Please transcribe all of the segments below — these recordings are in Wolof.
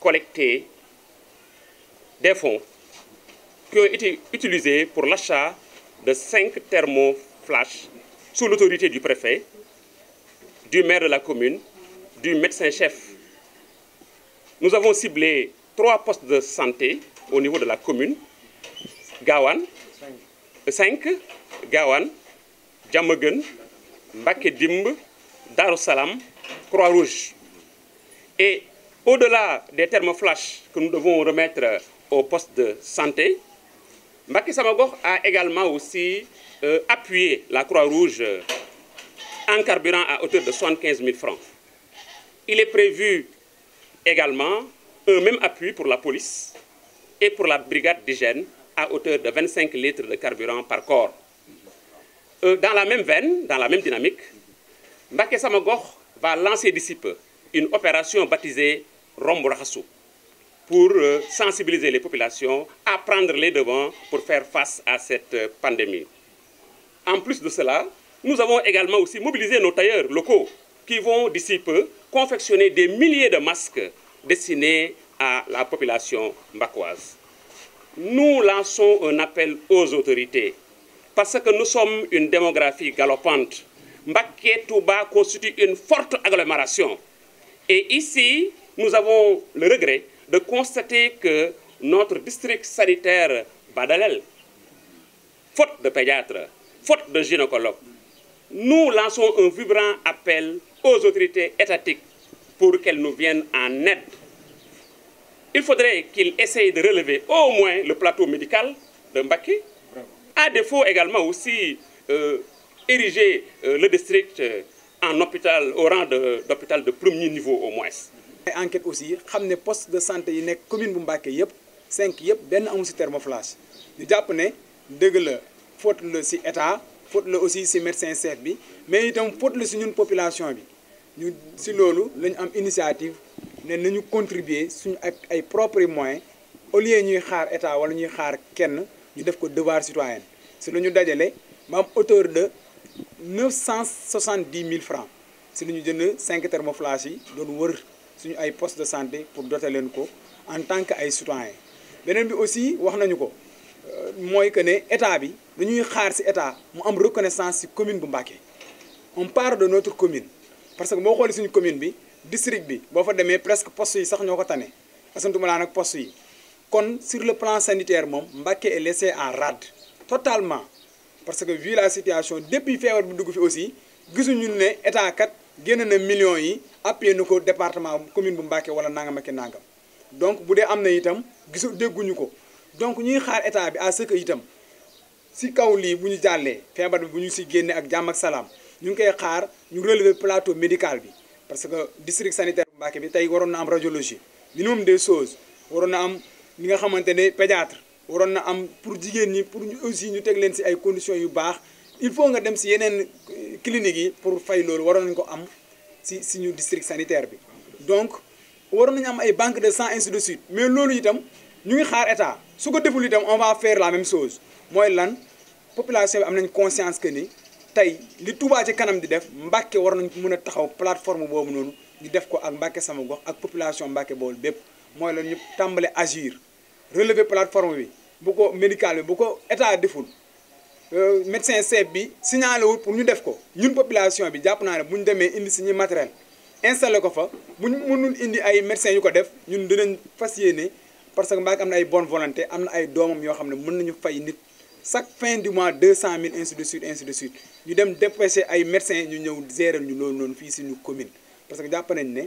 collecter des fonds qui ont été utilisés pour l'achat de cinq thermoflash sous l'autorité du préfet, du maire de la commune, du médecin-chef. Nous avons ciblé trois postes de santé au niveau de la commune gaawaan 5 gaawaan Diamaguène Mbacké Dimb Darou Salam Croix-Rouge et au-delà des termes flash que nous devons remettre au poste de santé Mbacké Sama Gox a également aussi euh, appuyé la Croix-Rouge en carburant à hauteur de 75 000 francs il est prévu également un même appui pour la police et pour la brigade d'hygiène à hauteur de 25 litres de carburant par corps. Euh, dans la même veine, dans la même dynamique, Mbaké Samagor va lancer d'ici une opération baptisée Romborahassou pour euh, sensibiliser les populations à prendre les devants pour faire face à cette euh, pandémie. En plus de cela, nous avons également aussi mobilisé nos tailleurs locaux qui vont d'ici peu confectionner des milliers de masques destinés à la population mbakoise. nous lançons un appel aux autorités parce que nous sommes une démographie galopante. Mbaké Touba constitue une forte agglomération. Et ici, nous avons le regret de constater que notre district sanitaire Badalel, faute de pédiatres, faute de gynécologues, nous lançons un vibrant appel aux autorités étatiques pour qu'elles nous viennent en aide il faudrait qu'il essaye de relever au moins le plateau médical de Mbacké. À défaut également aussi euh, ériger euh, le district euh, en hôpital au rang d'hôpital de, de premier niveau au moins. enquête aussi xam ne poste de santé yi nekk commune bu Mbacké yëpp cinq yëpp benn amul si thermoflash ñu jàpp ne dëgg la faute la si état faute la aussi si médecin chef bi mais itam faute la si ñun population bi ñu si loolu lañu am initiative. ne nañu contribuer suñu ak ay propres moyens au lieu ñuy xaar état walla ñuy xaar kenn ñu def ko devoir citoyen si lu ñu dajale ba am hauteur de neuf cent soixante dix mille francs si lu ñu jënd cinq thermoflash yi doon wër suñu ay poste de santé pour doter leen ko en tant que ay citoyen beneen bi aussi wax nañu ko euh, mooy que ne état bi dañuy xaar si état mu am reconnaissance si commune bu Mbacké on part de notre commune parce que boo xoolee suñu commune bi district bi boo fa demee presque post yi sax ñoo ko tane asantuma laa nag poste yi kon sur le plan sanitaire moom Mbacké est laissé en rade totalement parce que vu la situation depuis feebar bi dugg fi aussi gisuñu ne état kat génn na millions yi appuyé na ko département commune bu Mbacké wala nangam ak nangam donc bu dee am na itam gisu dégguñu ko donc ñuy xaar état bi à ce que itam si kaw lii bu ñu jàllee feebar bu ñu si génnee ak jàmm ak salaam ñu ngi koy xaar ñu relever plateau médical bi. parce que district sanitaire bu bi tey waroon na am radiologie minimum des choses waroon na am li nga xamante ne pédiatre waroon na am pour jigéen ñi pour ñu aussi ñu teg leen ci ay conditions yu baax il faut nga dem si yeneen euh, cliniques yi pour fay loolu waroon nañ ko am si suñu district sanitaire bi donc waroon nañu am ay banque de sang ainsi de suite mais loolu itam ñu ngi xaar état su ko deful itam on va faire la même chose mooy lan population bi am nañ conscience que ni tey li Touba ci kanam di def Mbàkke war nañ ko mën a taxaw plateforme boobu noonu di def ko ak Mbàkke sama gox ak population Mbàkke bool bépp mooy la ñu tàmbale agir relever plateforme bi bu ko médical bi bu ko état deful euh, médecin chef bi signalé wul pour ñu def ko ñun population bi jàpp naa ne bu ñu demee indi si ñuy matériel installé ko fa mu ñu mënul indi ay médecins yu ko def ñun dinañ fas yéene parce que Mbàkke am na ay bonne volonté am na ay doomam yoo xam ne mën nañu fay nit chaque fin du mois cent mille ainsi de ñu dem dépêcher ay médecins ñu ñëw gérer ñu loolu noonu fii suñu commune parce que jàpp nañ ne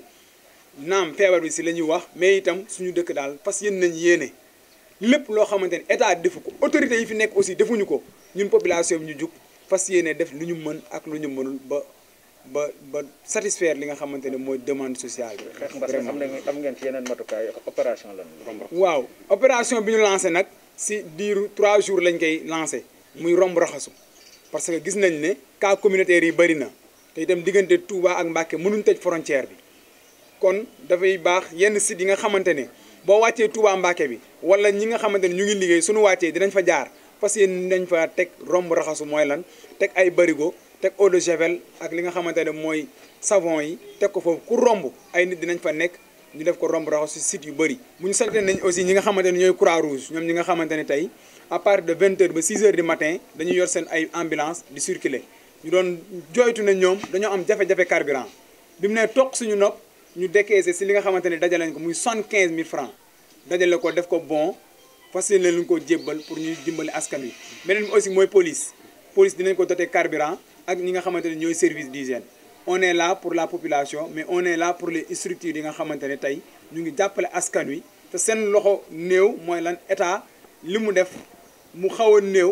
naam feebar bi si la ñuy wax mais itam suñu dëkk daal parce que yéen nañ yéene lépp loo xamante ne état defu ko autorité yi fi nekk aussi defuñu ko ñun population bi ñu jug fas yéene def lu ñu mën ak lu ñu mënul ba ba ba satisfaire li nga xamante ne mooy demande sociale bi. vraiment am ngeen ci yeneen matukaay opération la waaw opération bi ñu lancé nag si diiru trois jours lañ koy lancé muy romb raxasu. parce que gis nañ ne cas communautaire yi bëri na te itam diggante Touba ak Mbacké mënuñ tëj frontière bi kon dafay baax yenn sit yi nga xamante ne boo wàccee Touba Mbacké bi wala ñi nga xamante ne ñu ngi liggéey suñu wàccee dinañ fa jaar fas yéen nañ fa teg romb raxasu mooy lan teg ay barigo teg eau de javel ak li nga xamante ne mooy savon yi teg ko foofu ku romb ay nit dinañ fa nekk ñu def ko romb raxas si site yu bëri bu ñu sante nañ aussi ñi nga xamante ne ñooy croix rouge ñoom ñi nga xamante ne tey à partir de vingt heures ba six heures du matin dañuy yor seen ay ambulance di circuler ñu doon joytu ne ñoom dañoo am jafe-jafe carburant bi mu ne toog suñu nopp ñu décaissé si li nga xamante ne dajale nañ ko muy cent quinze mille francs dajale ko def ko bon facile la ñu ko jébbal pour ñuy dimbali askan wi beneen bi aussi mooy police police dinañ ko dotee carburant ak ñi nga xamante ne ñooy service d'hygiène on est là pour la population mais on est là pour les structures yi nga xamante ne tey ñu ngi jàppale askan wi te seen loxo néew mooy lan état li mu def mu xaw a néew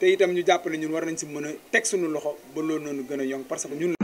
te itam ñu jàppale ñun war nañ si mën a teg suñu loxo ba loolu noonu gën a yong parce que ñun